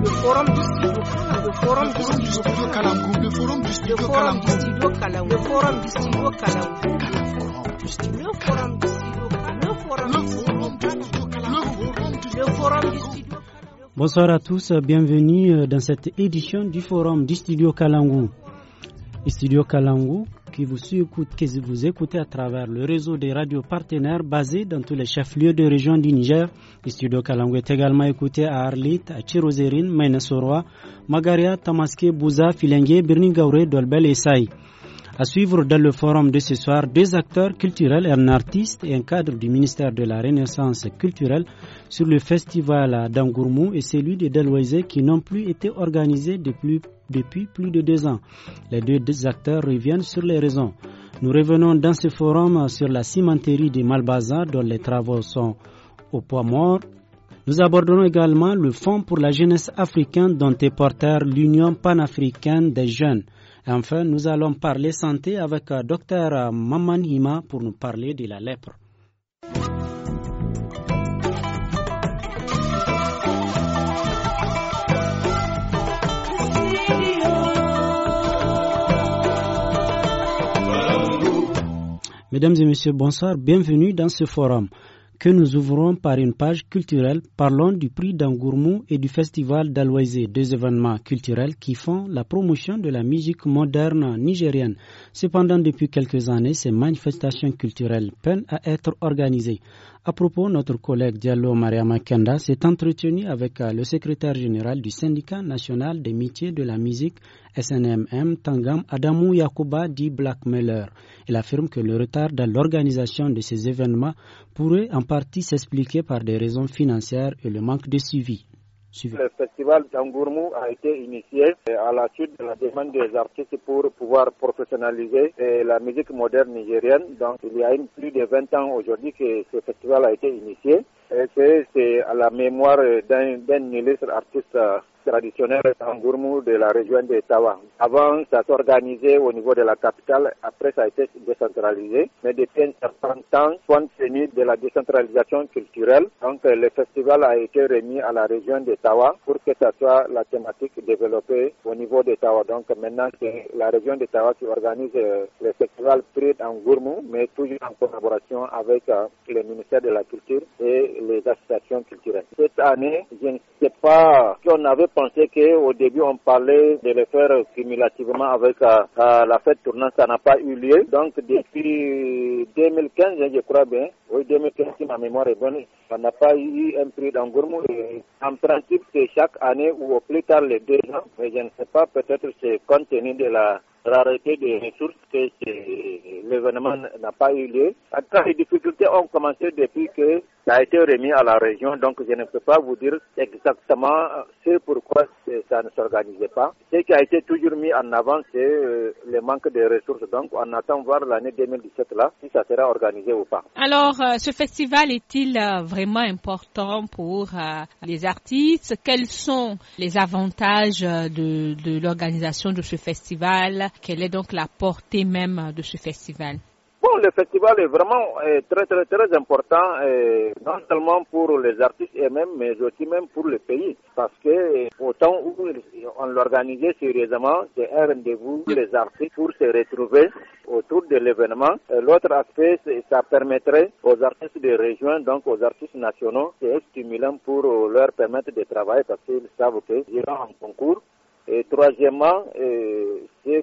le forum du studio le forum du studio Calambrou le forum du studio Calambrou le forum du studio Calambrou le forum du studio Calambrou le forum du studio Calambrou le forum du studio Bonsoir à tous, bienvenue euh, dans cette édition du forum du studio Kalangou. Studio Kalangou, qui vous, qui vous écoutez à travers le réseau des radios partenaires basés dans tous les chefs-lieux de région du Niger. Le studio Kalango est également écouté à Arlit, à Chirozérine, Maynesoroa, Magaria, Tamaske, Bouza, Filengue, Birningaure, Dolbel et Saï. À suivre dans le forum de ce soir, deux acteurs culturels, un artiste et un cadre du ministère de la Renaissance culturelle sur le festival d'Angourmou et celui de Deloisé qui n'ont plus été organisés depuis depuis plus de deux ans. Les deux acteurs reviennent sur les raisons. Nous revenons dans ce forum sur la cimenterie de Malbaza dont les travaux sont au point mort. Nous aborderons également le Fonds pour la jeunesse africaine dont est porteur l'Union panafricaine des jeunes. Enfin, nous allons parler santé avec euh, Dr euh, Maman Hima pour nous parler de la lèpre. Mesdames et messieurs, bonsoir, bienvenue dans ce forum que nous ouvrons par une page culturelle parlant du prix d'Angourmou et du festival d'Aloisé, deux événements culturels qui font la promotion de la musique moderne nigérienne. Cependant, depuis quelques années, ces manifestations culturelles peinent à être organisées. À propos, notre collègue Diallo Mariamakenda s'est entretenu avec euh, le secrétaire général du syndicat national des métiers de la musique SNMM Tangam Adamou Yakuba dit blackmailer. Il affirme que le retard dans l'organisation de ces événements pourrait en partie s'expliquer par des raisons financières et le manque de suivi. Le festival Tangourmou a été initié euh, à la suite de la demande des artistes pour pouvoir professionnaliser euh, la musique moderne nigérienne. Donc il y a plus de 20 ans aujourd'hui que ce festival a été initié. C'est à la mémoire d'un ministre artiste euh, traditionnel en Gourmou de la région de Tawa. Avant, ça s'organisait au niveau de la capitale, après ça a été décentralisé, mais depuis un certain temps, compte tenu de la décentralisation culturelle, donc le festival a été remis à la région de Tawa pour que ça soit la thématique développée au niveau de Tawa. Donc maintenant, c'est la région de Tawa qui organise euh, le festival en Gourmou, mais toujours en collaboration avec euh, le ministère de la Culture et les associations culturelles. Cette année, je ne sais pas si on avait pensais au début, on parlait de le faire cumulativement avec euh, euh, la fête tournante. Ça n'a pas eu lieu. Donc, depuis 2015, hein, je crois bien, oui, 2015, si ma mémoire est bonne, ça n'a pas eu un prix d'engourement. En principe, c'est chaque année ou au plus tard les deux ans. Mais je ne sais pas, peut-être c'est compte tenu de la rareté des ressources que l'événement n'a pas eu lieu. En cas, les difficultés ont commencé depuis que ça a été remis à la région, donc je ne peux pas vous dire exactement euh, ce pourquoi ça ne s'organisait pas. Ce qui a été toujours mis en avant, c'est euh, le manque de ressources. Donc, on attend voir l'année 2017 là, si ça sera organisé ou pas. Alors, euh, ce festival est-il vraiment important pour les artistes Quels sont les avantages de l'organisation de ce festival quelle est donc la portée même de ce festival Bon, le festival est vraiment euh, très très très important, euh, non seulement pour les artistes eux-mêmes, mais aussi même pour le pays, parce que euh, autant où on l'organisait sérieusement, c'est un rendez-vous pour les artistes pour se retrouver autour de l'événement. L'autre aspect, ça permettrait aux artistes de rejoindre, donc aux artistes nationaux, c'est stimulant pour leur permettre de travailler parce qu'ils savent qu'ils iront en concours. Et troisièmement,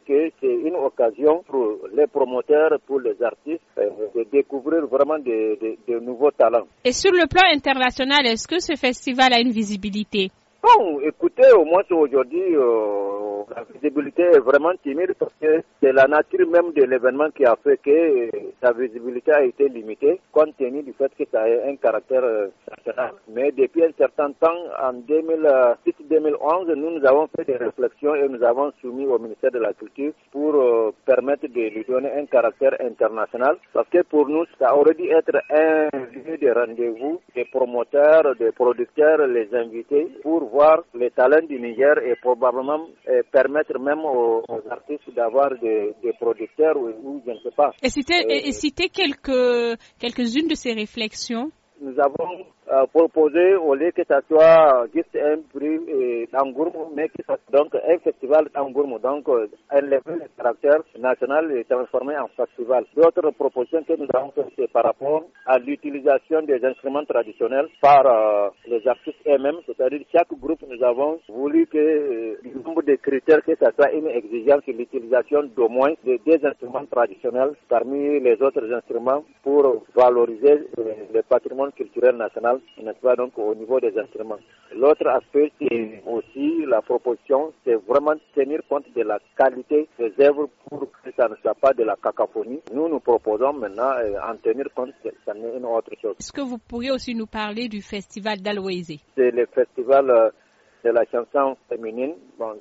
que c'est une occasion pour les promoteurs, pour les artistes, euh, de découvrir vraiment de, nouveaux talents. Et sur le plan international, est-ce que ce festival a une visibilité Bon, écoutez, au moins aujourd'hui, euh, la visibilité est vraiment timide parce que c'est la nature même de l'événement qui a fait que sa visibilité a été limitée compte tenu du fait que ça a un caractère euh, national. Mais depuis un certain temps, en 2006-2011, euh, nous, nous avons fait des réflexions et nous avons soumis au ministère de la Culture pour euh, permettre de lui donner un caractère international parce que pour nous, ça aurait dû être un lieu de rendez-vous des promoteurs, des producteurs, les invités pour voir les talents du Niger et probablement permettre même aux, artistes d'avoir des, producteurs ou, je ne sais pas. Et euh, citer, quelques, quelques-unes de ces réflexions Nous avons euh, proposer au lieu que ça soit juste un prix euh, d'Angourmou, mais que ça soit donc un festival gourmand Donc, euh, enlever le caractère national et transformer en festival. D'autres propositions que nous avons faites, c'est par rapport à l'utilisation des instruments traditionnels par les artistes eux-mêmes, c'est-à-dire chaque groupe, nous avons voulu que le nombre de critères, que ça soit une exigence, l'utilisation d'au moins de deux instruments traditionnels parmi les autres instruments pour valoriser le patrimoine culturel national nest pas, donc au niveau des instruments. L'autre aspect, c'est aussi la proposition, c'est vraiment tenir compte de la qualité des œuvres pour que ça ne soit pas de la cacophonie. Nous, nous proposons maintenant euh, en tenir compte, ça n'est une autre chose. Est-ce que vous pourriez aussi nous parler du festival d'Aloésie C'est le festival euh, de la chanson féminine.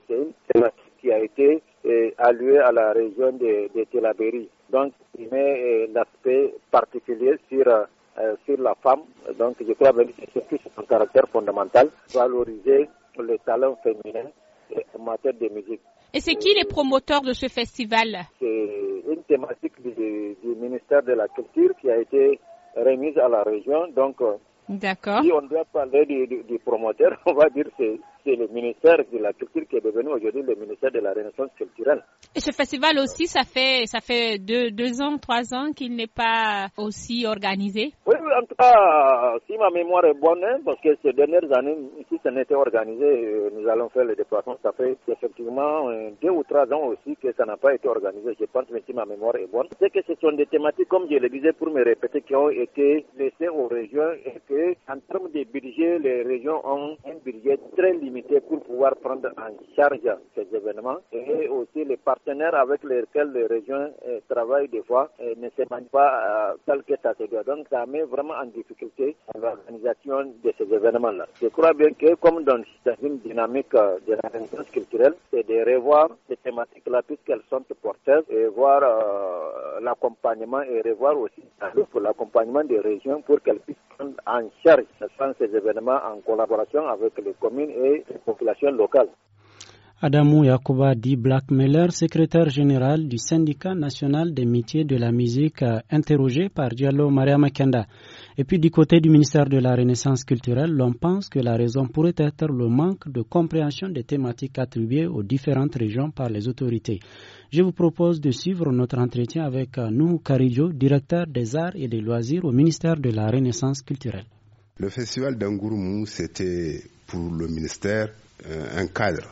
c'est qui a été euh, allouée à la région de, de Donc, il met euh, l'aspect particulier sur euh, euh, sur la femme. Donc je crois que c'est surtout son caractère fondamental, valoriser le talent féminin en matière de musique. Et c'est qui les promoteurs de ce festival C'est une thématique du, ministère de la Culture qui a été remise à la région. Donc, euh, D'accord. si on doit parler des promoteurs, promoteur, on va dire que c'est le ministère de la Culture qui est devenu aujourd'hui le ministère de la Renaissance culturelle. Et ce festival aussi, ça fait, ça fait deux, deux ans, trois ans qu'il n'est pas aussi organisé Oui, en tout cas, si ma mémoire est bonne, hein, parce que ces dernières années, si ça n'était organisé, euh, nous allons faire le déplacement. Ça fait effectivement euh, deux ou trois ans aussi que ça n'a pas été organisé, je pense, mais si ma mémoire est bonne. C'est que ce sont des thématiques, comme je le disais pour me répéter, qui ont été laissées aux régions et que, en termes de budget, les régions ont un budget très limité pour pouvoir prendre en charge ces événements et aussi les partenaires avec lesquels les régions euh, travaillent des fois et euh, ne s'émanent pas euh, tel que ça se doit. Donc ça met vraiment en difficulté l'organisation de ces événements-là. Je crois bien que comme dans une dynamique euh, de la culturelle, c'est de revoir ces thématiques-là puisqu'elles sont porteuses et voir l'accompagnement et revoir aussi l'accompagnement des régions pour qu'elles puissent prendre en charge ces événements en collaboration avec les communes et population locale. Adamou Yakuba Di Blackmiller, secrétaire général du syndicat national des métiers de la musique, interrogé par Diallo Maria Makenda. Et puis du côté du ministère de la Renaissance culturelle, l'on pense que la raison pourrait être le manque de compréhension des thématiques attribuées aux différentes régions par les autorités. Je vous propose de suivre notre entretien avec euh, Nuhu Karidjo, directeur des arts et des loisirs au ministère de la Renaissance culturelle. Le festival d'Angourmou, c'était pour le ministère euh, un cadre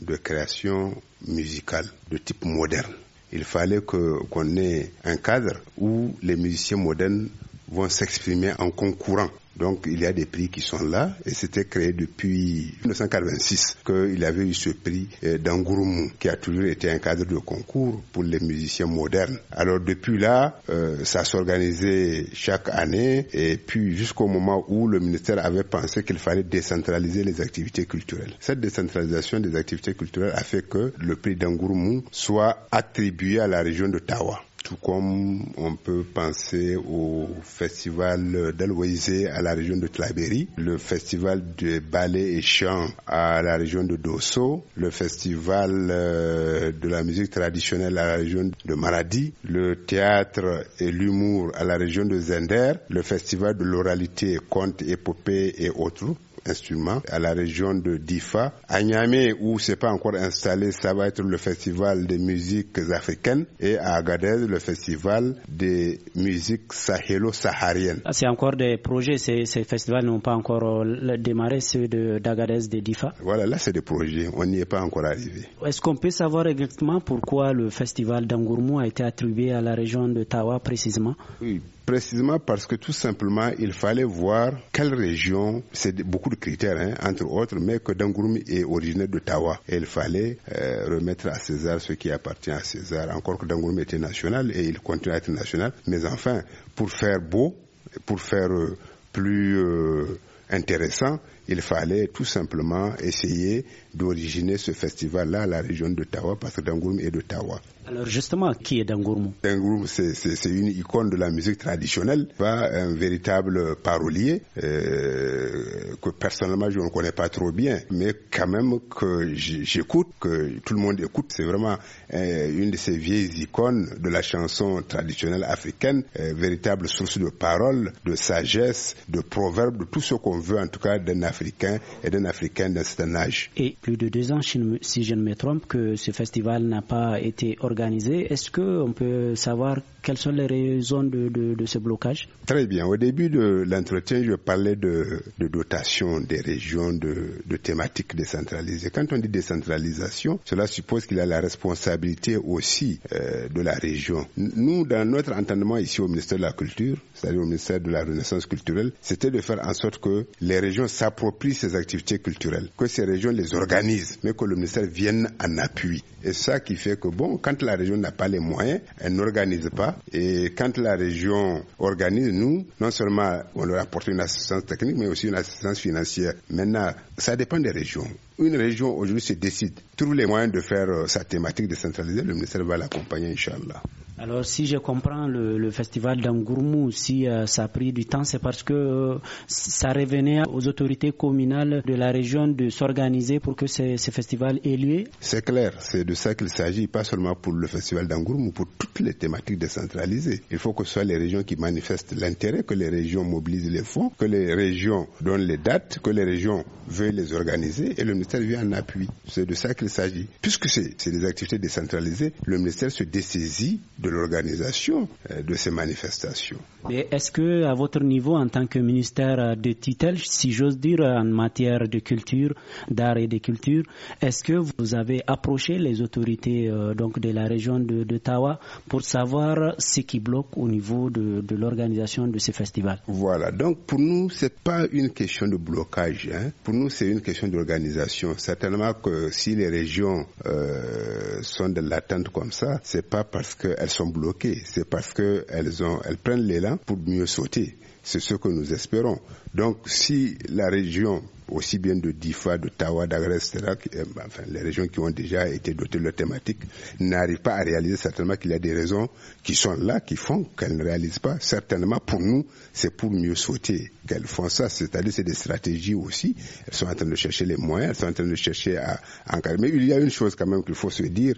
de création musicale de type moderne. Il fallait qu'on ait un cadre où les musiciens modernes vont s'exprimer en concourant donc il y a des prix qui sont là et c'était créé depuis 1986 qu'il avait eu ce prix euh, d'Angourmou qui a toujours été un cadre de concours pour les musiciens modernes. Alors depuis là, euh, ça s'organisait chaque année et puis jusqu'au moment où le ministère avait pensé qu'il fallait décentraliser les activités culturelles. Cette décentralisation des activités culturelles a fait que le prix d'Angourmou soit attribué à la région de Tawa tout comme on peut penser au festival d'Aloisé à la région de Tlaberi, le festival de ballet et chant à la région de Dosso, le festival euh, de la musique traditionnelle à la région de Maradi, le théâtre et l'humour à la région de Zender, le festival de l'oralité, contes, épopées et autres instruments à la région de Difa. À Niamey, où c'est pas encore installé, ça va être le festival des musiques africaines et à Agadez, le festival des musiques sahélo-sahariennes. Ah, c'est encore des projets, ces, festivals n'ont pas encore euh, démarré, ceux d'Agadez, de, de Difa Voilà, là c'est des projets, on n'y est pas encore arrivé. Est-ce qu'on peut savoir exactement pourquoi le festival d'Angourmou a été attribué à la région de Tawa précisément Oui, précisément parce que tout simplement, il fallait voir quelle région, c'est beaucoup de critères, hein, entre autres, mais que Dangourmi est originaire d'Ottawa. Et il fallait euh, remettre à César ce qui appartient à César, encore que Dangourmi était national et il continue à être national. Mais enfin, pour faire beau, pour faire euh, plus euh, intéressant, il fallait tout simplement essayer d'originer ce festival-là à la région d'Ottawa, parce que Dangourmi est de d'Ottawa. Alors justement, qui est Dengourmou Dengourmou, c'est une icône de la musique traditionnelle, pas un véritable parolier euh, que personnellement je ne connais pas trop bien, mais quand même que j'écoute, que tout le monde écoute, c'est vraiment euh, une de ces vieilles icônes de la chanson traditionnelle africaine, euh, véritable source de paroles, de sagesse, de proverbes, de tout ce qu'on veut en tout cas d'un Africain et d'un Africain d'un certain âge. Et plus de deux ans, si je ne me trompe, que ce festival n'a pas été organisé est-ce qu'on peut savoir quelles sont les raisons de, ce blocage Très bien. Au début de l'entretien, je parlais de, dotation des régions de, thématiques décentralisées. Quand on dit décentralisation, cela suppose qu'il y a la responsabilité aussi euh, de la région. Nous, dans notre entendement ici au ministère de la Culture, c'est-à-dire au ministère de la Renaissance culturelle, c'était de faire en sorte que les régions s'approprient ces activités culturelles, que ces régions les organisent, mais que le ministère vienne en appui. Et ça qui fait que, bon, quand la région n'a pas les moyens, elle n'organise pas. Et quand la région organise, nous, non seulement on leur apporte une assistance technique, mais aussi une assistance financière. Maintenant, ça dépend des régions. Une région aujourd'hui se décide, trouve les moyens de faire euh, sa thématique décentralisée, le ministère va l'accompagner, Inch'Allah. Alors si je comprends le, festival d'Angourmou, si euh, ça a pris du temps, c'est parce que euh, ça revenait aux autorités communales de la région de s'organiser pour que ce, ce festival ait lieu. C'est clair, c'est de ça qu'il s'agit, pas seulement pour le festival d'Angourmou, pour toutes les thématiques décentralisées. Il faut que ce soit les régions qui manifestent l'intérêt, que les régions mobilisent les fonds, que les régions donnent les dates, que les régions veulent les organiser et le ministère vient en appui. C'est de ça qu'il s'agit. Puisque c'est des activités décentralisées, le ministère se dessaisit de l'organisation euh, de ces manifestations. Mais est-ce que, à votre niveau, en tant que ministère de titel, si j'ose dire, en matière de culture, d'art et de culture, est-ce que vous avez approché les autorités euh, donc de la région de, Tawa pour savoir ce qui bloque au niveau de, l'organisation de ces festivals Voilà. Donc pour nous, c'est pas une question de blocage. Hein. Pour nous, c'est une question d'organisation. Certainement que si les régions euh, sont de l'attente comme ça, c'est pas parce qu'elles sont bloquées, c'est parce qu'elles ont, elles prennent l'élan pour mieux sauter. C'est ce que nous espérons. Donc, si la région aussi bien de Difa, de Tawa, d'Agrès, etc., euh, les régions qui ont déjà été dotées de leur thématique, n'arrivent pas à réaliser certainement qu'il y a des raisons qui sont là, qui font qu'elles ne réalisent pas. Certainement, pour nous, c'est pour mieux sauter qu'elles font ça. C'est-à-dire, c'est des stratégies aussi. Elles sont en train de chercher les moyens, elles sont en train de chercher à encadrer. Mais il y a une chose quand même qu'il faut se dire,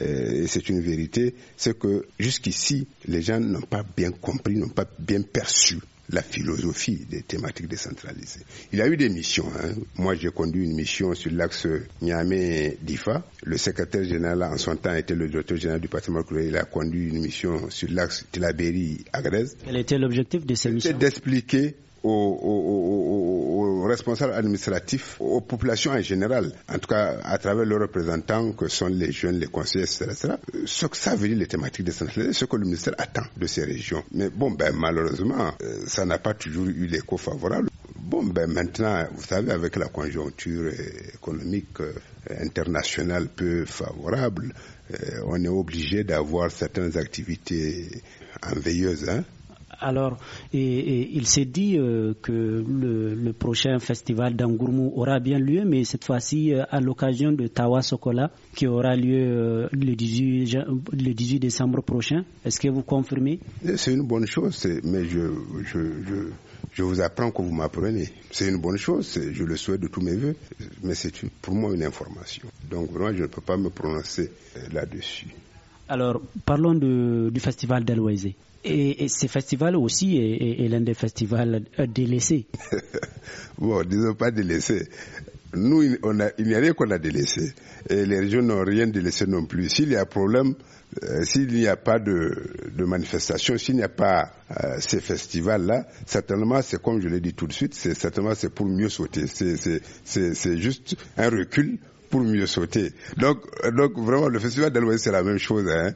euh, et c'est une vérité, c'est que jusqu'ici, les gens n'ont pas bien compris, n'ont pas bien perçu la philosophie des thématiques décentralisées. Il y a eu des missions. Hein. Moi, j'ai conduit une mission sur l'axe Niamey-Difa. Le secrétaire général, en son temps, était le directeur général du patrimoine Il a conduit une mission sur l'axe à agrez Quel était l'objectif de ces missions C'était d'expliquer aux, responsables administratifs, aux populations en général, en tout cas à travers leurs représentants que sont les jeunes, les conseillers, etc., ce que ça veut dire les thématiques de ce que le ministère attend de ces régions. Mais bon, ben, malheureusement, euh, ça n'a pas toujours eu l'écho favorable. Bon, ben maintenant, vous savez, avec la conjoncture économique euh, internationale peu favorable, euh, on est obligé d'avoir certaines activités enveilleuses, Hein alors, il s'est dit euh, que le, prochain festival d'Angourmou aura bien lieu, mais cette fois-ci euh, à l'occasion de Tawa Sokola, qui aura lieu euh, le 18, le, décembre prochain. Est-ce que vous confirmez C'est une bonne chose, mais je, vous apprends que vous m'apprenez. C'est une bonne chose, je le souhaite de tous mes voeux, mais c'est pour moi une information. Donc, vraiment, je ne peux pas me prononcer là-dessus. Alors, parlons du festival d'Aloisé. Et, ce festival aussi est, l'un des festivals euh, délaissés. bon, disons pas délaissés. Nous, il n'y a rien qu'on a délaissé. Et les régions n'ont rien délaissé non plus. S'il y a problème, euh, s'il n'y a pas de, manifestation, s'il n'y a pas euh, ces festivals-là, certainement, c'est comme je l'ai dit tout de suite, c'est certainement c'est pour mieux sauter. C'est juste un recul pour mieux sauter. Donc, donc vraiment, le festival l'Ouest c'est la même chose. Hein.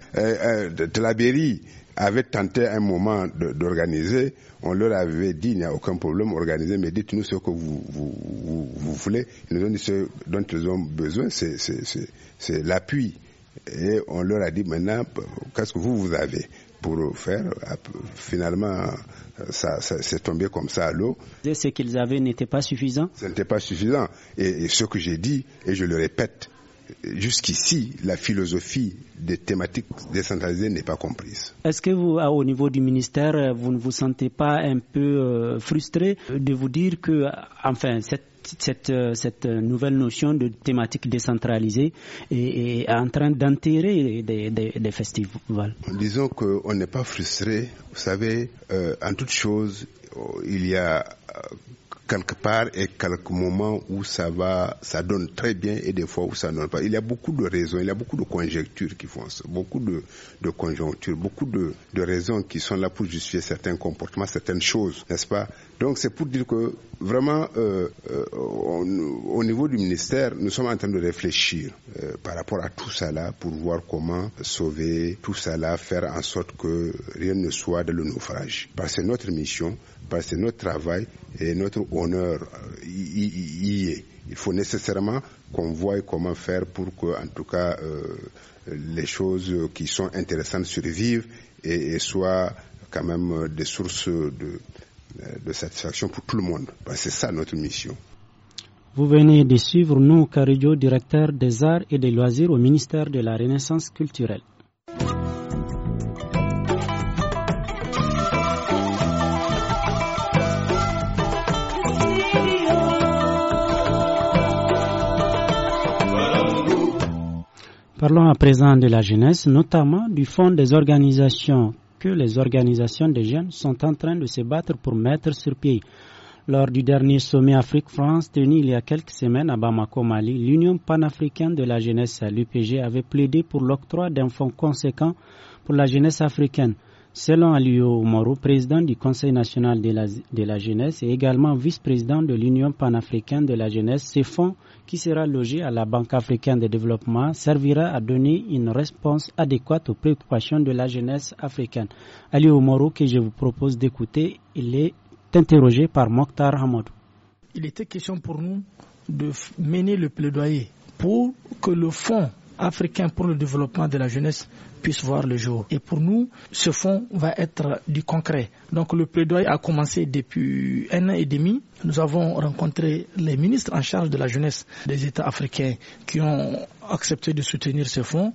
avait tenté un moment d'organiser. On leur avait dit, il n'y a aucun problème, organisez, mais dites-nous ce que vous, vous, voulez. Ils nous ont dit ce dont ils ont besoin, c'est l'appui. Et on leur a dit maintenant, qu'est-ce que vous, vous avez pour faire. Finalement, ça, s'est tombé comme ça à l'eau. Ce qu'ils avaient n'était pas suffisant Ce n'était pas suffisant. Et, et ce que j'ai dit, et je le répète, jusqu'ici, la philosophie des thématiques décentralisées n'est pas comprise. Est-ce que vous, ah, au niveau du ministère, vous ne vous sentez pas un peu euh, frustré de vous dire que, enfin, cette cette, euh, cette nouvelle notion de thématique décentralisée est, en train d'enterrer des, festivals Disons qu'on n'est pas frustré. Vous savez, euh, en toute chose, euh, il y a quelque part et quelques moments où ça va, ça donne très bien et des fois où ça ne donne pas. Il y a beaucoup de raisons, il y a beaucoup de conjectures qui font ça, beaucoup de, de conjonctures, beaucoup de raisons qui sont là pour justifier certains comportements, certaines choses, n'est-ce pas Donc c'est pour dire que vraiment, euh, euh au niveau du ministère, nous sommes en train de réfléchir euh, par rapport à tout cela pour voir comment sauver tout cela, faire en sorte que rien ne soit de le naufrage. Parce que notre mission, parce que notre travail et notre honneur euh, y, est. Il faut nécessairement qu'on voie comment faire pour que, en tout cas, les choses qui sont intéressantes survivent et, et soient quand même des sources de, euh, de satisfaction pour tout le monde. Bah, c'est ça notre mission. Vous venez de suivre nous, Carillo, directeur des arts et des loisirs au ministère de la Renaissance culturelle. Parlons à présent de la jeunesse, notamment du Fonds des organisations que les organisations des jeunes sont en train de se battre pour mettre sur pied. Lors du dernier sommet Afrique-France tenu il y a quelques semaines à Bamako, Mali, l'Union panafricaine de la jeunesse, l'UPG, avait plaidé pour l'octroi d'un fonds conséquent pour la jeunesse africaine. Selon Alio Moro, président du Conseil national de la, jeunesse et également vice-président de l'Union panafricaine de la jeunesse, ce fonds qui sera logé à la Banque africaine de développement servira à donner une réponse adéquate aux préoccupations de la jeunesse africaine. Alio Moro, que je vous propose d'écouter, il est interrogé par Mokhtar Hamadou. Il était question pour nous de mener le plaidoyer pour que le fonds africain pour le développement de la jeunesse voir le jour. Et pour nous, ce fonds va être du concret. Donc le plaidoyer a commencé depuis un an et demi. Nous avons rencontré les ministres en charge de la jeunesse des États africains qui ont accepté de soutenir ce fonds.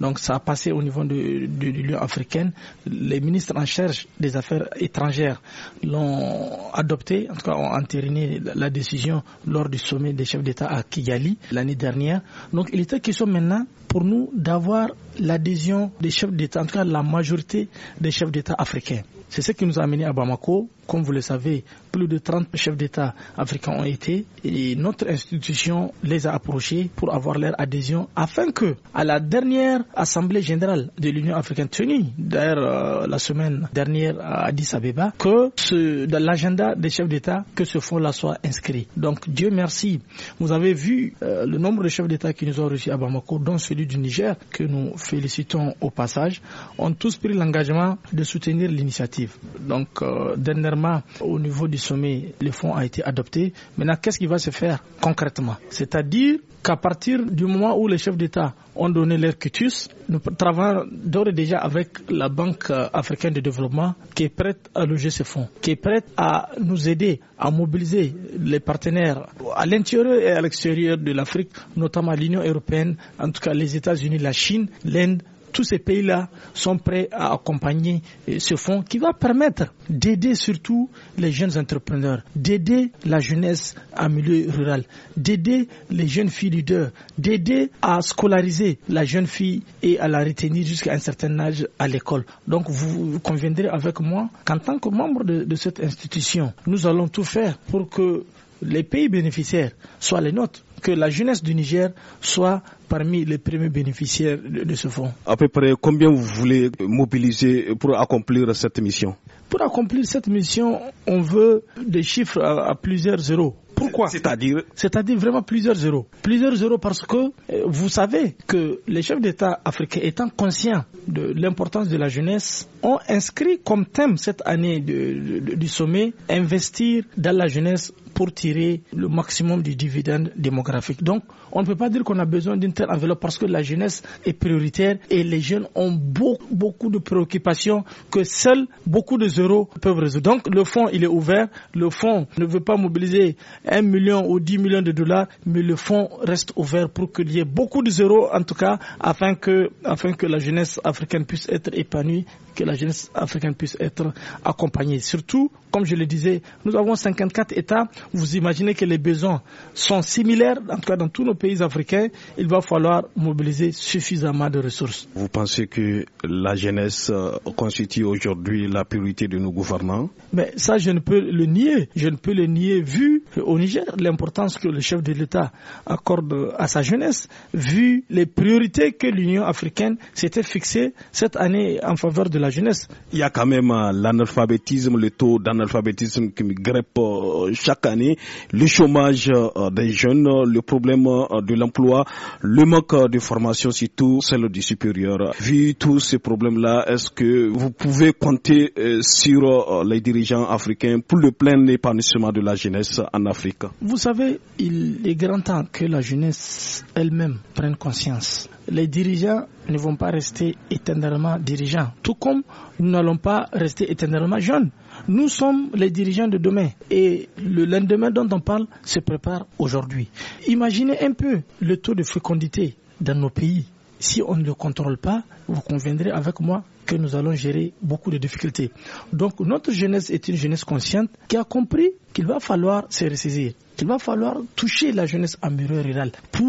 Donc ça a passé au niveau de, l'Union africaine. Les ministres en charge des affaires étrangères l'ont adopté, en tout cas ont entériné la, la décision lors du sommet des chefs d'État à Kigali l'année dernière. Donc il était question maintenant pour nous d'avoir l'adhésion des chefs d'État, en tout cas la majorité des chefs d'État africains. C'est ce qui nous a amené à Bamako. Comme vous le savez, plus de 30 chefs d'État africains ont été et notre institution les a approchés pour avoir leur adhésion afin que, à la dernière Assemblée générale de l'Union africaine tenue, d'ailleurs euh, la semaine dernière à Addis Abeba, que dans l'agenda des chefs d'État, que ce fonds-là soit inscrit. Donc Dieu merci, vous avez vu euh, le nombre de chefs d'État qui nous ont reçus à Bamako, dont celui du Niger, que nous félicitons au passage, ont tous pris l'engagement de soutenir l'initiative. Donc, euh, dernièrement, au niveau du sommet, le fonds a été adopté. Maintenant, qu'est-ce qui va se faire concrètement C'est-à-dire qu'à partir du moment où les chefs d'État ont donné leur cutus, nous travaillons d'ores et déjà avec la Banque africaine de développement qui est prête à loger ces fonds, qui est prête à nous aider à mobiliser les partenaires à l'intérieur et à l'extérieur de l'Afrique, notamment l'Union européenne, en tout cas les États-Unis, la Chine, l'Inde, tous ces pays-là sont prêts à accompagner euh, ce fonds qui va permettre d'aider surtout les jeunes entrepreneurs, d'aider la jeunesse en milieu rural, d'aider les jeunes filles leaders, d'aider à scolariser la jeune fille et à la retenir jusqu'à un certain âge à l'école. Donc vous conviendrez avec moi qu'en tant que membre de, de cette institution, nous allons tout faire pour que les pays bénéficiaires soient les nôtres que la jeunesse du Niger soit parmi les premiers bénéficiaires de, ce fonds. À peu près combien vous voulez mobiliser pour accomplir cette mission Pour accomplir cette mission, on veut des chiffres à, plusieurs zéros. Pourquoi C'est-à-dire C'est-à-dire vraiment plusieurs zéros. Plusieurs zéros parce que euh, vous savez que les chefs d'État africains, étant conscients de l'importance de la jeunesse, ont inscrit comme thème cette année du sommet investir dans la jeunesse pour tirer le maximum du dividende démographique. Donc, on ne peut pas dire qu'on a besoin d'une telle enveloppe parce que la jeunesse est prioritaire et les jeunes ont beaucoup, de préoccupations que seuls beaucoup de euros peuvent résoudre. Donc, le fonds, il est ouvert. Le fonds ne veut pas mobiliser un million ou dix millions de dollars, mais le fonds reste ouvert pour qu'il y ait beaucoup de euros, en tout cas, afin que, afin que la jeunesse africaine puisse être épanouie que la jeunesse africaine puisse être accompagnée. Surtout, comme je le disais, nous avons 54 États. Vous imaginez que les besoins sont similaires, en tout cas dans tous nos pays africains. Il va falloir mobiliser suffisamment de ressources. Vous pensez que la jeunesse euh, constitue aujourd'hui la priorité de nos gouvernements Mais ça, je ne peux le nier. Je ne peux le nier vu au Niger l'importance que le chef de l'État accorde à sa jeunesse, vu les priorités que l'Union africaine s'était fixées cette année en faveur de la jeunesse. Il y a quand même euh, l'analphabétisme, le taux d'analphabétisme qui me euh, chaque année, le chômage euh, des jeunes, le problème de l'emploi, le manque de formation, surtout celle du supérieur. Vu tous ces problèmes-là, est-ce que vous pouvez compter sur les dirigeants africains pour le plein épanouissement de la jeunesse en Afrique Vous savez, il est grand temps que la jeunesse elle-même prenne conscience les dirigeants ne vont pas rester éternellement dirigeants, tout comme nous n'allons pas rester éternellement jeunes. Nous sommes les dirigeants de demain et le lendemain dont on parle se prépare aujourd'hui. Imaginez un peu le taux de fécondité dans nos pays. Si on ne le contrôle pas, vous conviendrez avec moi que nous allons gérer beaucoup de difficultés. Donc notre jeunesse est une jeunesse consciente qui a compris qu'il va falloir se ressaisir, qu'il va falloir toucher la jeunesse en milieu rural pour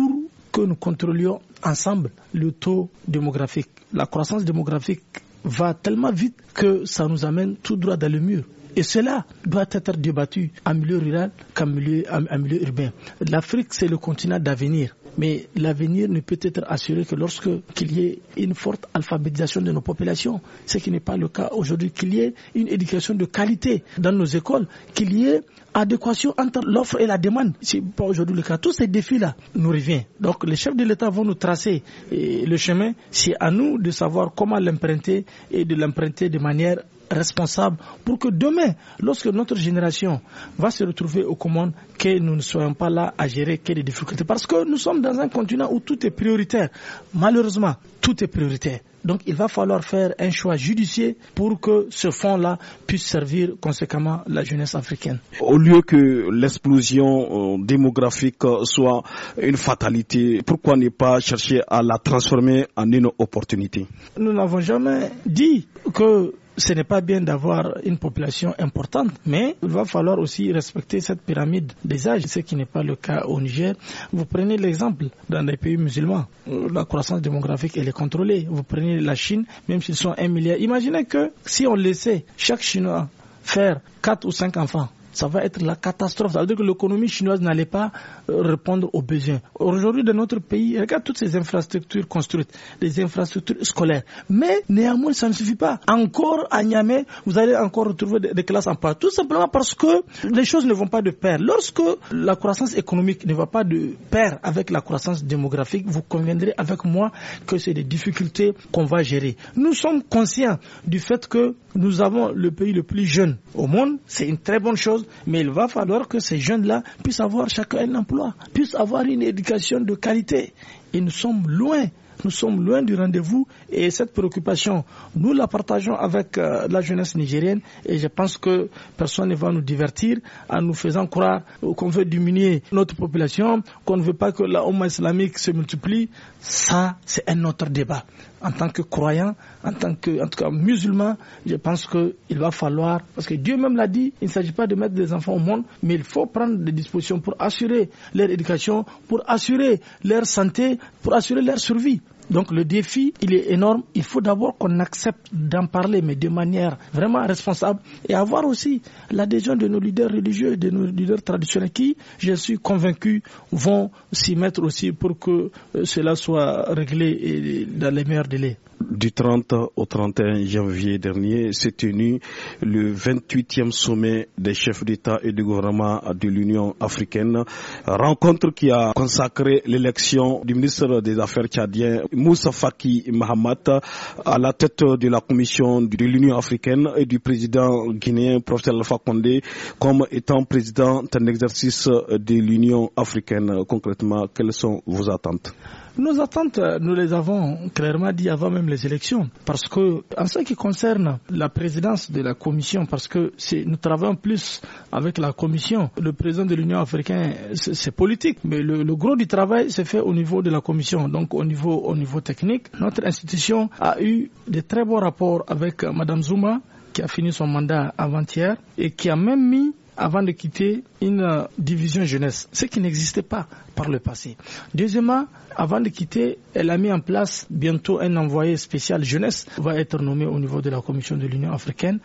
que nous contrôlions ensemble le taux démographique. La croissance démographique va tellement vite que ça nous amène tout droit dans le mur. Et cela doit être débattu en milieu rural qu'en milieu, urbain. L'Afrique, c'est le continent d'avenir. Mais l'avenir ne peut être assuré que lorsque qu'il y ait une forte alphabétisation de nos populations, ce qui n'est pas le cas aujourd'hui, qu'il y ait une éducation de qualité dans nos écoles, qu'il y ait adéquation entre l'offre et la demande. C'est pas aujourd'hui le cas. Tous ces défis-là nous reviennent. Donc les chefs de l'État vont nous tracer eh, le chemin. C'est à nous de savoir comment l'emprunter et de l'emprunter de manière responsable pour que demain, lorsque notre génération va se retrouver aux commandes, que nous ne soyons pas là à gérer que des difficultés. Parce que nous sommes dans un continent où tout est prioritaire. Malheureusement, tout est prioritaire. Donc il va falloir faire un choix judicieux pour que ce fonds-là puisse servir conséquemment la jeunesse africaine. Au lieu que l'explosion euh, démographique euh, soit une fatalité, pourquoi ne pas chercher à la transformer en une opportunité Nous n'avons jamais dit que ce n'est pas bien d'avoir une population importante, mais il va falloir aussi respecter cette pyramide des âges, ce qui n'est pas le cas au Niger. Vous prenez l'exemple dans les pays musulmans, la croissance démographique elle est contrôlée. Vous prenez la Chine, même s'ils sont un milliard. Imaginez que si on laissait chaque Chinois faire quatre ou cinq enfants, ça va être la catastrophe. Ça veut dire que l'économie chinoise n'allait pas euh, répondre aux besoins. Aujourd'hui, dans notre pays, regarde toutes ces infrastructures construites, les infrastructures scolaires. Mais néanmoins, ça ne suffit pas. Encore à Niamey, vous allez encore retrouver des, classes en part. Tout simplement parce que les choses ne vont pas de pair. Lorsque la croissance économique ne va pas de pair avec la croissance démographique, vous conviendrez avec moi que c'est des difficultés qu'on va gérer. Nous sommes conscients du fait que nous avons le pays le plus jeune au monde. C'est une très bonne chose mais il va falloir que ces jeunes-là puissent avoir chacun un emploi, puissent avoir une éducation de qualité. Et nous sommes loin nous sommes loin du rendez-vous et cette préoccupation, nous la partageons avec euh, la jeunesse nigérienne et je pense que personne ne va nous divertir en nous faisant croire qu'on veut diminuer notre population, qu'on ne veut pas que la islamique se multiplie. Ça, c'est un autre débat en tant que croyant, en tant que, en tout cas, musulman, je pense qu'il va falloir, parce que Dieu même l'a dit, il ne s'agit pas de mettre des enfants au monde, mais il faut prendre des dispositions pour assurer leur éducation, pour assurer leur santé, pour assurer leur survie. Donc le défi, il est énorme. Il faut d'abord qu'on accepte d'en parler, mais de manière vraiment responsable, et avoir aussi l'adhésion de nos leaders religieux et de nos leaders traditionnels qui, je suis convaincu, vont s'y mettre aussi pour que euh, cela soit réglé dans les meilleurs délais. Du 30 au 31 janvier dernier s'est tenu le 28e sommet des chefs d'État et de gouvernement de l'Union africaine, rencontre qui a consacré l'élection du ministre des Affaires tchadien Moussa Faki Mahamat à la tête de la commission de l'Union africaine et du président guinéen Professeur Alpha Condé comme étant président d'un exercice de l'Union africaine. Concrètement, quelles sont vos attentes nos attentes, euh, nous les avons clairement dit avant même les élections, parce que en ce qui concerne la présidence de la Commission, parce que nous travaillons plus avec la Commission, le président de l'Union africaine, c'est politique, mais le, gros du travail se fait au niveau de la Commission, donc au niveau, au niveau technique. Notre institution a eu de très bons rapports avec euh, Madame Zuma, qui a fini son mandat avant-hier et qui a même mis avant de quitter une euh, division jeunesse, ce qui n'existait pas par le passé. Deuxièmement, avant de quitter, elle a mis en place bientôt un envoyé spécial jeunesse va être nommé au niveau de la Commission de l'Union africaine.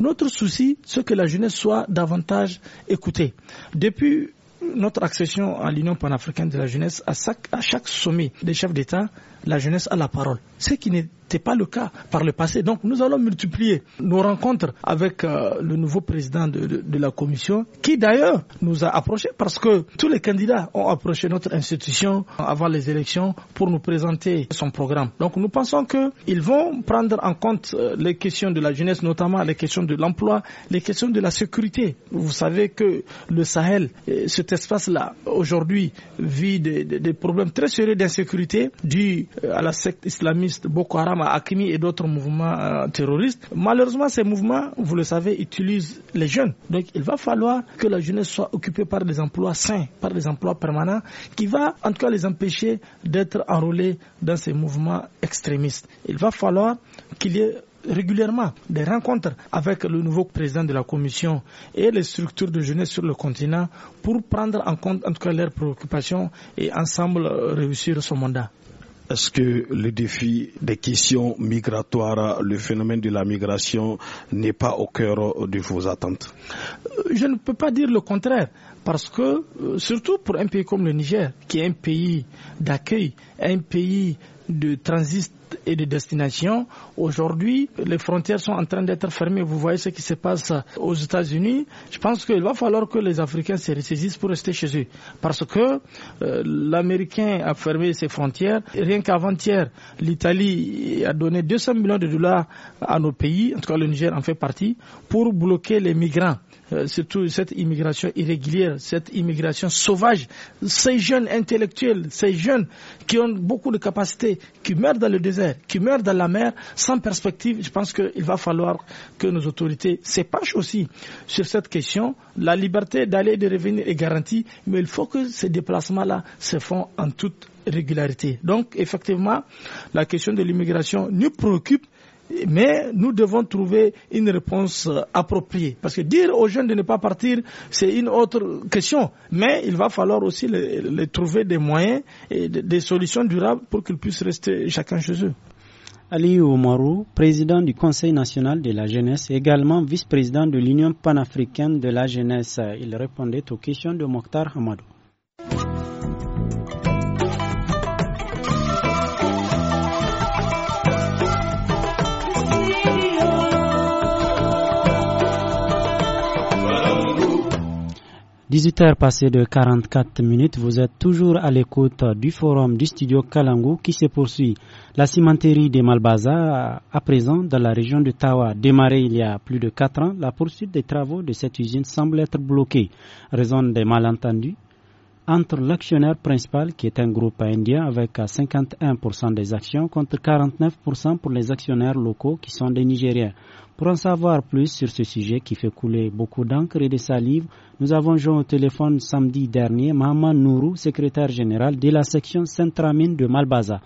Notre souci, c'est que la jeunesse soit davantage écoutée. Depuis notre accession à l'Union panafricaine de la jeunesse, à chaque sommet des chefs d'État, la jeunesse à la parole, ce qui n'était pas le cas par le passé. Donc nous allons multiplier nos rencontres avec euh, le nouveau président de, la commission, qui d'ailleurs nous a approchés parce que tous les candidats ont approché notre institution avant les élections pour nous présenter son programme. Donc nous pensons qu'ils vont prendre en compte euh, les questions de la jeunesse, notamment les questions de l'emploi, les questions de la sécurité. Vous savez que le Sahel, euh, cet espace-là, aujourd'hui, vit des, problèmes très sérieux d'insécurité du à la secte islamiste Boko Haram, à Akimi et d'autres mouvements euh, terroristes. Malheureusement, ces mouvements, vous le savez, utilisent les jeunes. Donc il va falloir que la jeunesse soit occupée par des emplois sains, par des emplois permanents, qui va en tout cas les empêcher d'être enrôlés dans ces mouvements extrémistes. Il va falloir qu'il y ait régulièrement des rencontres avec le nouveau président de la Commission et les structures de jeunesse sur le continent pour prendre en compte en tout cas leurs préoccupations et ensemble euh, réussir son mandat. Est-ce que le défi des questions migratoires, le phénomène de la migration n'est pas au cœur de vos attentes euh, Je ne peux pas dire le contraire, parce que euh, surtout pour un pays comme le Niger, qui est un pays d'accueil, un pays de transit et de destination. Aujourd'hui, les frontières sont en train d'être fermées. Vous voyez ce qui se passe aux États-Unis. Je pense qu'il va falloir que les Africains se ressaisissent pour rester chez eux. Parce que euh, l'Américain a fermé ses frontières. Rien qu'avant-hier, l'Italie a donné 200 millions de dollars à nos pays, en tout cas le Niger en fait partie, pour bloquer les migrants euh, surtout cette immigration irrégulière, cette immigration sauvage, ces jeunes intellectuels, ces jeunes qui ont beaucoup de capacités, qui meurent dans le désert, qui meurent dans la mer, sans perspective, je pense qu'il va falloir que nos autorités s'épanchent aussi sur cette question. La liberté d'aller et de revenir est garantie, mais il faut que ces déplacements-là se font en toute régularité. Donc, effectivement, la question de l'immigration nous préoccupe, mais nous devons trouver une réponse euh, appropriée. Parce que dire aux jeunes de ne pas partir, c'est une autre question. Mais il va falloir aussi les, trouver des moyens et des solutions durables pour qu'ils puissent rester chacun chez eux. Ali Oumarou, président du Conseil national de la jeunesse, également vice-président de l'Union panafricaine de la jeunesse. Il répondait aux questions de Mokhtar Hamadou. 18 heures passées de 44 minutes, vous êtes toujours à l'écoute du forum du studio Kalangou qui se poursuit. La cimenterie de Malbaza, à présent dans la région de Tawa, démarrée il y a plus de 4 ans, la poursuite des travaux de cette usine semble être bloquée, raison des malentendus entre l'actionnaire principal, qui est un groupe indien avec 51% des actions, contre 49% pour les actionnaires locaux qui sont des Nigériens. Pour en savoir plus sur ce sujet qui fait couler beaucoup d'encre et de salive, nous avons joué au téléphone samedi dernier Maman Nourou, secrétaire général de la section sainte tramine de Malbaza.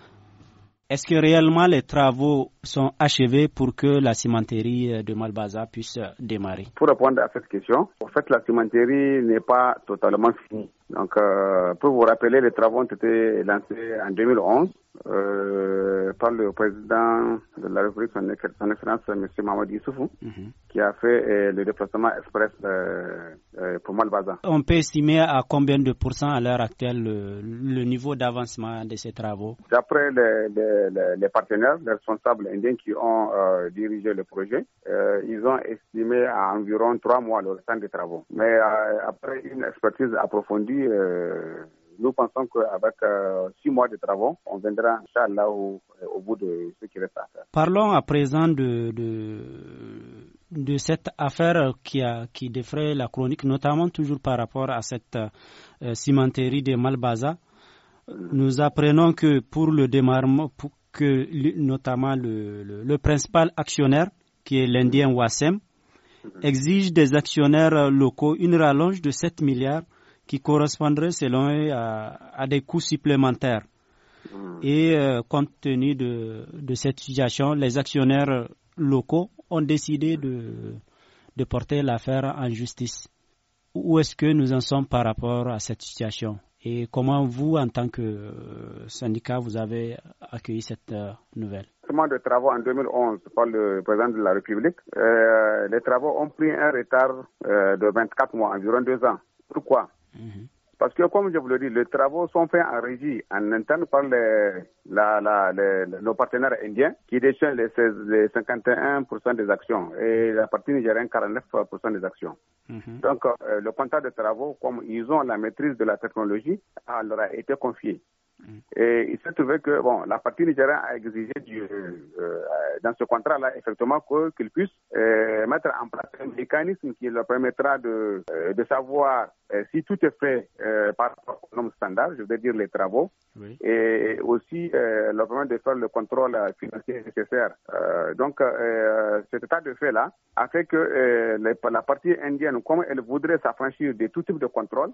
Est-ce que réellement les travaux sont achevés pour que la cimenterie de Malbaza puisse démarrer Pour répondre à cette question, en fait, la cimenterie n'est pas totalement finie. Donc, euh, pour vous rappeler, les travaux ont été lancés en 2011. Euh, par le président de la République, en euh, Monsieur M. Mamadou Issoufou, mhm. qui a fait euh, le déplacement express pour Malbaza. On peut estimer à combien de pourcents à l'heure actuelle le, niveau d'avancement de ces travaux D'après les, les, partenaires, les responsables indiens qui ont dirigé le projet, ils ont estimé à environ trois mois le temps des travaux. Mais après une expertise approfondie, nous pensons qu'avec euh, six mois de travaux, on viendra, là au, euh, au, bout de ce qui reste à faire. Parlons à présent de, de, cette affaire qui, a, qui défraie la chronique, notamment toujours par rapport à cette euh, cimenterie de Malbaza. Nous apprenons que pour le démarrement, que notamment le, le principal actionnaire, qui est l'Indien Wassem, mhm. exige des actionnaires locaux une rallonge de 7 milliards qui correspondrait selon eux à, des coûts supplémentaires. Hmm. Et euh, compte tenu de, cette situation, les actionnaires locaux ont décidé de, porter l'affaire en justice. Où est-ce que nous en sommes par rapport à cette situation et comment vous, en tant que euh, syndicat, vous avez accueilli cette euh, nouvelle de travaux en 2011 par le président de la République, les travaux ont pris un retard de 24 mois, environ deux ans. Pourquoi parce que, comme je vous le dis, les travaux sont faits en régie, en interne par les, nos partenaires indiens qui détiennent les, 51% des actions et la partie nigérienne 49% des actions. Mhm. Donc, euh, le contrat de travaux, comme ils ont la maîtrise de la technologie, leur a été confié. Et il s'est trouvé que bon, la partie nigérienne a exigé du, euh, euh, dans ce contrat-là, effectivement, qu'ils puisse euh, mettre en place un mécanisme qui leur permettra de, de savoir si tout est fait par rapport aux normes standards, je veux dire les travaux, et aussi leur permettre de faire le contrôle financier nécessaire. donc, cet état de fait-là a fait que la partie indienne, comme elle voudrait s'affranchir de tout type de contrôle,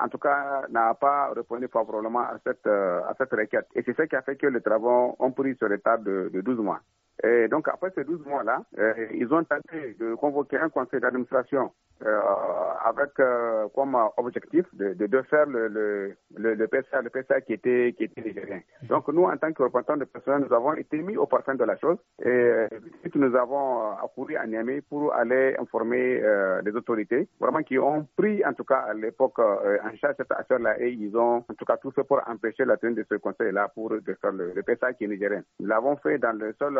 en tout cas, n'a pas répondu favorablement à cette euh, à cette requête. Et c'est ce qui a fait que les travaux ont pris sur retard de, de 12 mois. Et euh, donc, après ces 12 mois-là, euh, ils ont tenté de convoquer un conseil d'administration euh, avec comme objectif de, de, de faire le, le, le, PSA, le PSA qui était, qui était nigérien. Donc, nous, en tant que représentants de personnel, nous avons été mis au parfum de la chose et nous avons accouru à Niamey pour aller informer les autorités, vraiment qui ont pris, en tout cas, à l'époque, en charge cette affaire-là et ils ont, en tout cas, tout fait pour empêcher la tenue de ce conseil-là pour de faire le, le PSA qui est nigérien. Nous l'avons fait dans le seul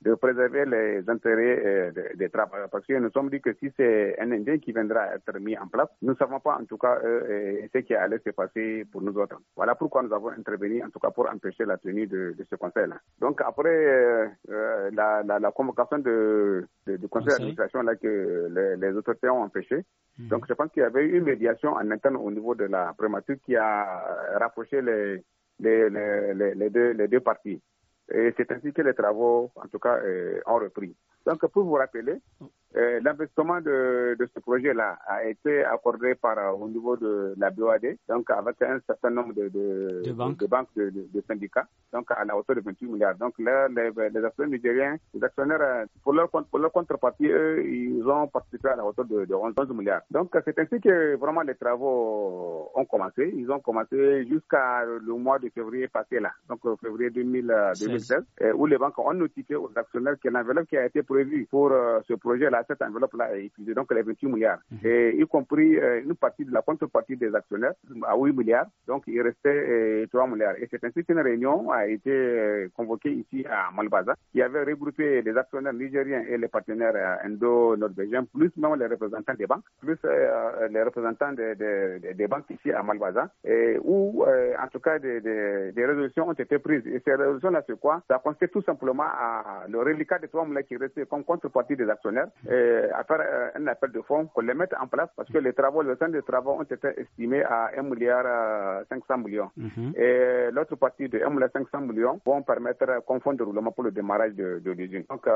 de préserver les intérêts euh, des, travailleurs. Parce que nous sommes dit que si c'est un Indien qui viendra être mis en place, nous ne savons pas en tout cas euh, euh, ce qui allait se passer pour nous autres. Voilà pourquoi nous avons intervenu en tout cas pour empêcher la tenue de, ce conseil-là. Donc après la, convocation de, du conseil d'administration là que les, autorités ont empêché, mhm. donc je pense qu'il y avait eu une médiation en interne au niveau de la primature qui a rapproché les, les deux parties c'est ainsi que les travaux, en tout cas, euh, ont repris. Donc, pour vous rappeler, euh, l'investissement de, ce projet-là a été accordé par, euh, au niveau de la BOAD, donc avec un certain nombre de, banques, de, syndicats, donc à la hauteur de 28 milliards. Donc les, actionnaires nigériens, les actionnaires, euh, pour leur, contrepartie, ils ont participé à la hauteur de, 11, milliards. Donc c'est ainsi que vraiment les travaux ont commencé. Ils ont commencé jusqu'à le mois de février passé là, donc février 2000, 2016, où les banques ont notifié aux actionnaires que y a qui a été prévu pour euh, ce projet-là, cette enveloppe-là est utilisée, donc les 28 milliards, mhm. et y compris euh, une partie de la contrepartie des actionnaires à 8 milliards, donc il restait 3 euh, milliards. Et c'est ainsi qu'une réunion a été convoquée ici à Malbaza, qui avait regroupé les actionnaires nigériens et les partenaires indo-norvégiens, plus même les représentants des banques, plus les représentants des banques ici à Malbaza, et où en tout cas des, résolutions ont été prises. Et ces résolutions-là, c'est quoi Ça consiste tout simplement à le reliquat des 3 milliards qui restait comme contrepartie des actionnaires, euh, à faire euh, un appel de fonds pour les mettre en place parce que les travaux, le sein des travaux ont été estimés à 1 milliard 500 euh, millions. Mhm. Et l'autre partie de 1 milliard millions vont permettre qu'on fonde de roulement pour le démarrage de, l'usine. Donc,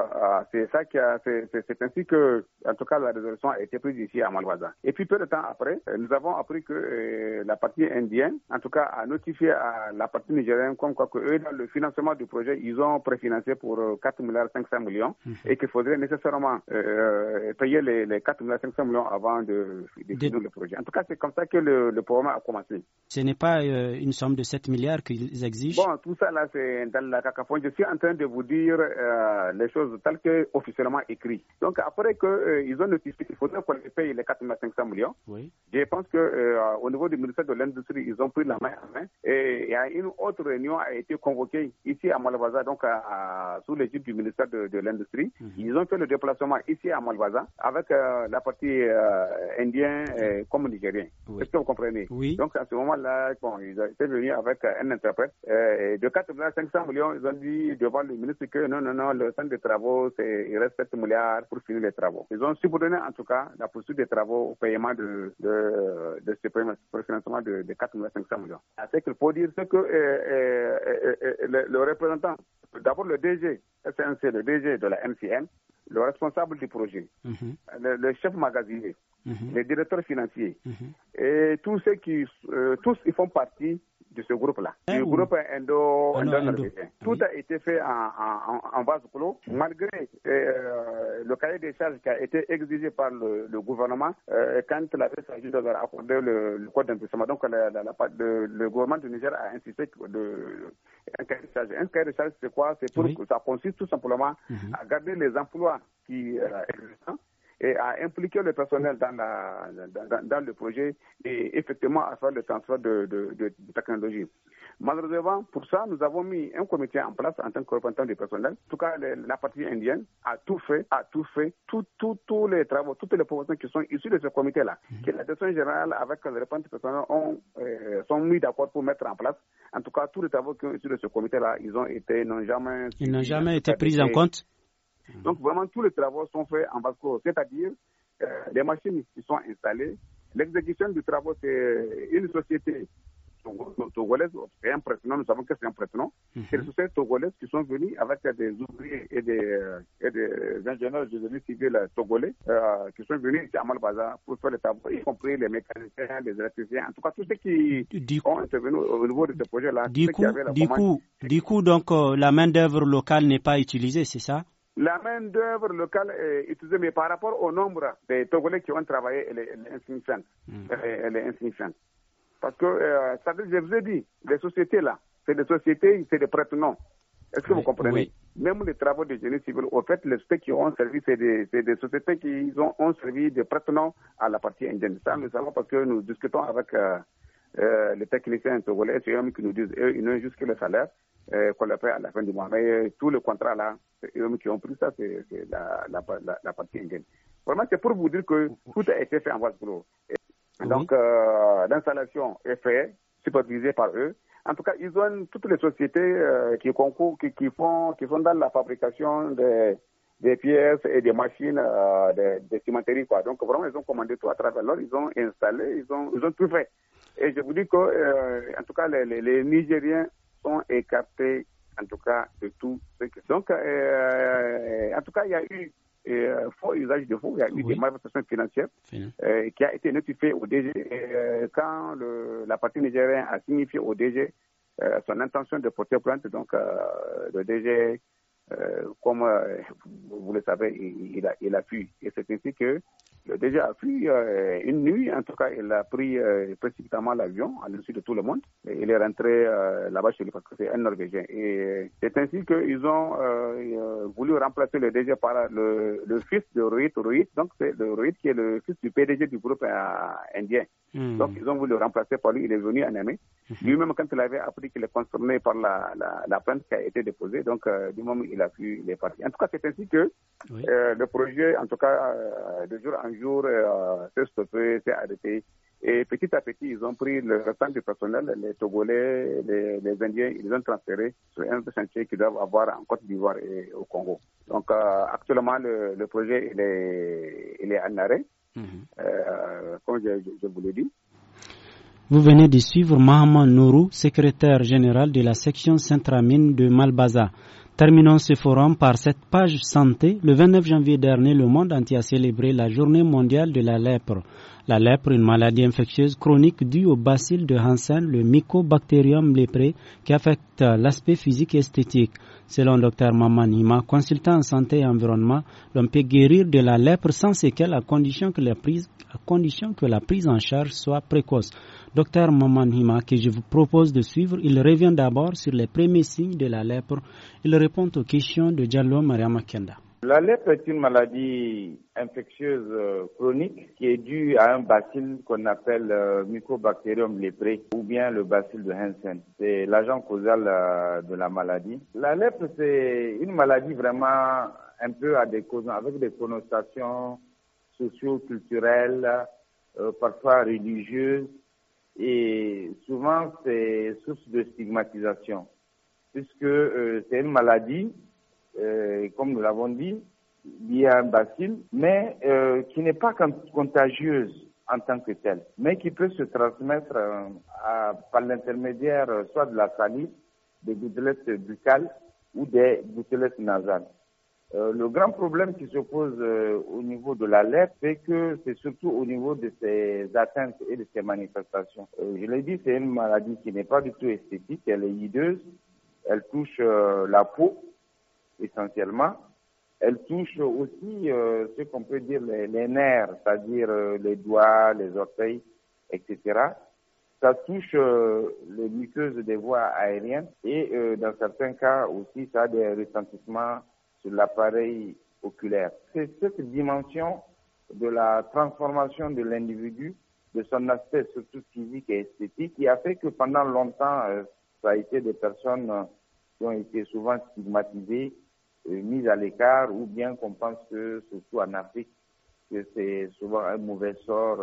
c'est ça qui c'est ainsi que, en tout cas, la résolution a été prise ici à Malwaza. Et puis, peu de temps après, nous avons appris que la partie indienne, en tout cas, a notifié à la partie nigérienne comme quoi que eux, dans le financement du projet, ils ont préfinancé pour 4 milliards 500 millions. Mhm. Et qu'il faudrait nécessairement euh, payer les, 4 500 millions avant de, finir le projet. En tout cas, c'est comme ça que le, programme a commencé. Ce n'est pas euh, une somme de 7 milliards qu'ils exigent Bon, tout ça là, c'est dans la cacophonie. Je suis en train de vous dire euh, les choses telles que officiellement écrites. Donc, après qu'ils ont notifié qu'il faudrait qu'on les paye les 4 500 millions, je pense qu'au niveau du ministère de l'Industrie, ils ont pris la main à main. Et, une autre réunion a été convoquée ici à Malabaza, donc à, sous l'égide du ministère de, l'Industrie. Mm. Mhm. Ils ont fait le déplacement ici à Malbaza avec euh, la partie euh, indien indienne comme nigérien. Est-ce que vous comprenez oui. Donc à ce moment-là, ils étaient venus avec euh, un interprète. de 4 500 millions, ils ont dit devant le ministre que non, non, non, le centre de travaux, il reste 7 milliards pour finir les travaux. Ils ont subordonné en tout cas la poursuite des travaux au paiement de, de, ce financement de, de 4 500 millions. Ce qu'il faut dire, c'est que le représentant d'abord le DG, SNC, le DG de la MCN, le responsable du projet, mhm. le, chef magasinier, mhm. le directeur financier, mhm. et tous ceux qui, euh, tous ils font partie de ce groupe-là, Le groupe indo, ah Tout a été fait en, base de vase clos, malgré euh, le cahier des charges qui a été exigé par le, gouvernement euh, quand il s'agissait s'agit de le, le code d'investissement. Donc, le, gouvernement du Niger a insisté sur un cahier des charges. Un cahier des charges, c'est quoi pour ça consiste tout simplement mhm. à garder les emplois qui euh, existent et à impliquer le personnel dans, la, dans, le projet et effectivement à faire le transfert de, de, de, technologie. Malheureusement, pour ça, nous avons mis un comité en place en tant que représentant du personnel. En tout cas, la partie indienne a tout fait, a tout fait, tous les travaux, toutes les propositions qui sont issues de ce comité-là, mhm. que la direction générale avec le représentant du personnel ont, euh, sont mis d'accord pour mettre en place. En tout cas, tous les travaux qui ont issus de ce comité-là, ils ont été, n'ont jamais... Ils n'ont jamais été pris en compte Mhm. Donc vraiment, tous les travaux sont faits en bascule, c'est-à-dire euh, les machines qui sont installées. L'exécution du travail c'est une société togolaise, c'est un nous savons que c'est un mhm. C'est les sociétés togolaises qui sont venues avec des ouvriers et des, ingénieurs de génie civil euh, togolais euh, qui sont venus ici à Malbaza pour faire les travaux, y compris les mécaniciens, les électriciens, en tout cas tous ceux qui ont intervenu au niveau de ce projet-là. Du, coup, du, du coup, donc, la main-d'œuvre locale n'est pas utilisée, c'est ça la main-d'œuvre locale est utilisée, mais par rapport au nombre des Togolais qui ont travaillé, elle est, hmm. insignifiante. Parce que, euh, je vous ai dit, les sociétés là, c'est des sociétés, c'est des prêtres noms Est-ce que vous comprenez Même les travaux de génie civil, au fait, les sociétés qui ont servi, c'est des, des, sociétés qui ont, ont servi des prêtres noms à la partie indienne. Ça, nous savons parce que nous discutons avec euh, euh, les techniciens togolais, c'est eux qui nous disent, ils n'ont juste que le salaire euh, qu'on leur fait à la fin du mois. Mais euh, tout le contrat là, c'est eux qui ont pris ça, c'est la, partie indienne. Vraiment, c'est pour vous dire que tout a été fait en voie de boulot. Donc, euh, l'installation est faite, supervisée par eux. En tout cas, ils ont toutes les sociétés qui concourent, qui, font, qui sont dans la fabrication des, pièces et des machines des, cimenteries. Quoi. Donc, vraiment, ils ont commandé tout à travers l'or, ils ont installé, ils ont, ils ont tout fait. Et je vous dis qu'en euh, en tout cas, les, Nigériens sont écartés, en tout cas, de tout. Donc, euh, en tout cas, il y a eu un euh, faux usage de fonds, il y a eu des manifestations financières qui a été notifiées au DG. quand la partie nigérienne a signifié au DG son intention de porter plainte, donc le DG, comme vous le savez, il, a, il a fui. Et c'est ainsi que il a déjà pris euh, une nuit, en tout cas, il a pris principalement euh, précipitamment l'avion à l'insu de tout le monde. il est rentré euh, là-bas chez lui parce c'est un Norvégien. Et c'est ainsi qu'ils ont voulu remplacer le DG par le, fils de Rohit. donc c'est le Rohit qui est le fils du PDG du groupe indien. Hmm. Donc ils ont voulu le remplacer par lui. Il est venu en Amérique. Hmm. Lui-même, quand il avait appris qu'il est concerné par la, plainte qui a été déposée, donc du moment où il a pu, les est parti. En tout cas, c'est ainsi que le projet, en tout cas, de jour en jour, jour, euh, ce stoppé, c'est arrêté. Et petit à petit, ils ont pris le restant du personnel, les Togolais, les, Indiens, ils les ont transférés sur un chantier qu'ils doivent avoir en Côte d'Ivoire et au Congo. Donc euh, actuellement, le, projet, il est, il est en arrêt, mhm. euh, comme je, je vous l'ai dit. Vous venez de suivre Mahaman Nourou, secrétaire général de la section Centramine de Malbaza. Terminons ce forum par cette page santé. Le 29 janvier dernier, le monde entier a célébré la journée mondiale de la lèpre. La lèpre, une maladie infectieuse chronique due au bacille de Hansen, le mycobacterium lépré, qui affecte l'aspect physique et esthétique. Selon Dr Maman Nima, consultant en santé et environnement, l'on peut guérir de la lèpre sans séquelles à condition que la prise, à condition que la prise en charge soit précoce. Docteur Hima, que je vous propose de suivre, il revient d'abord sur les premiers signes de la lèpre. Il répond aux questions de Diallo Mariamakenda. La lèpre est une maladie infectieuse euh, chronique qui est due à un bacille qu'on appelle euh, Mycobacterium lépré ou bien le bacille de Hansen. C'est l'agent causal euh, de la maladie. La lèpre, c'est une maladie vraiment un peu à des causes, avec des connotations sociaux, culturels, euh, parfois religieux, et souvent c'est source de stigmatisation, puisque euh, c'est une maladie, euh, comme nous l'avons dit, liée à un bacille, mais qui n'est pas contagieuse en tant que telle, mais qui peut se transmettre par l'intermédiaire soit de la salive, des gouttelettes buccales ou des gouttelettes nasales. Euh, le grand problème qui se pose euh, au niveau de la lettre, c'est que c'est surtout au niveau de ses atteintes et de ses manifestations. Euh, je l'ai dit, c'est une maladie qui n'est pas du tout esthétique, elle est hideuse, elle touche la peau essentiellement, elle touche aussi ce qu'on peut dire les, les nerfs, c'est-à-dire les doigts, les orteils, etc. Ça touche les muqueuses des voies aériennes et dans certains cas aussi ça a des ressentissements l'appareil oculaire. C'est cette dimension de la transformation de l'individu, de son aspect surtout physique et esthétique, qui a fait que pendant longtemps, euh, ça a été des personnes euh, qui ont été souvent stigmatisées, euh, mises à l'écart, ou bien qu'on pense que, surtout en Afrique, que c'est souvent un mauvais sort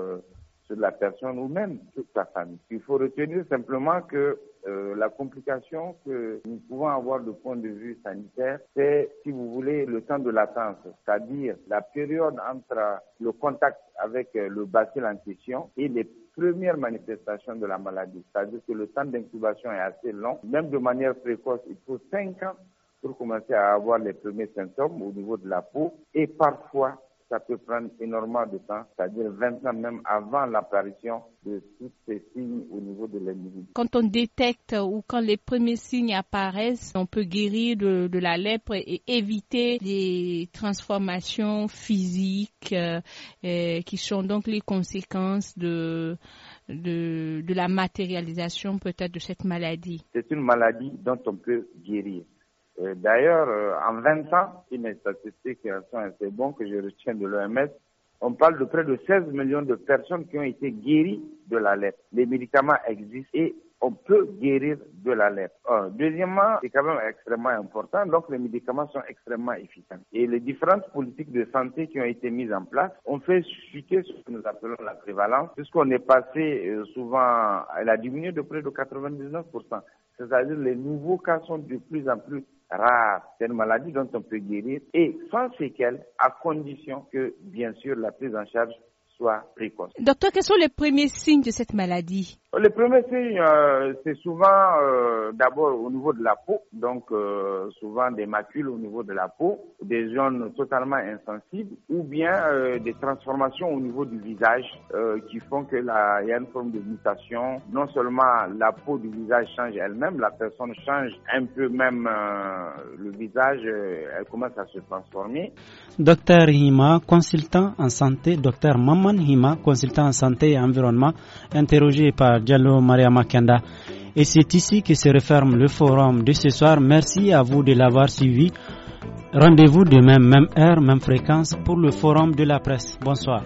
sur la personne ou même sur sa famille. Il faut retenir simplement que euh, la complication que nous pouvons avoir de point de vue sanitaire, c'est, si vous voulez, le temps de latence, c'est-à-dire la période entre le contact avec euh, le bacille en question et les premières manifestations de la maladie. C'est-à-dire que le temps d'incubation est assez long. Même de manière précoce, il faut cinq ans pour commencer à avoir les premiers symptômes au niveau de la peau et parfois ça peut prendre énormément de temps, c'est-à-dire 20 ans même avant l'apparition de tous ces signes au niveau de l'individu. Quand on détecte ou quand les premiers signes apparaissent, on peut guérir de, la lèpre et éviter les transformations physiques euh, euh, qui sont donc les conséquences de, de la matérialisation peut-être de cette maladie. C'est une maladie dont on peut guérir. D'ailleurs, euh, en 20 ans, si mes statistiques sont assez bonnes que je retiens de l'OMS, on parle de près de 16 millions de personnes qui ont été guéries de la lèpre. Les médicaments existent et on peut guérir de la lèpre. deuxièmement, c'est quand même extrêmement important, donc les médicaments sont extrêmement efficaces. Et les différentes politiques de santé qui ont été mises en place ont fait chuter ce que nous appelons la prévalence, puisqu'on est passé euh, souvent, elle a diminué de près de 99%. C'est-à-dire les nouveaux cas sont de plus en plus rare, C'est une maladie dont on peut guérir et sans séquelles à condition que, bien sûr, la prise en charge Docteur, quels sont les premiers signes de cette maladie Les premiers signes, euh, c'est souvent euh, d'abord au niveau de la peau, donc euh, souvent des macules au niveau de la peau, des zones totalement insensibles, ou bien des transformations au niveau du visage qui font que la, il y a une forme de mutation. Non seulement la peau du visage change elle-même, la personne change un peu même le visage, elle commence à se transformer. Docteur Hima, consultant en santé, docteur Maman Hima, consultant en santé et environnement, interrogé par Diallo Maria Makenda. Et c'est ici que se referme le forum de ce soir. Merci à vous de l'avoir suivi. Rendez-vous demain, même heure, même fréquence, pour le forum de la presse. Bonsoir.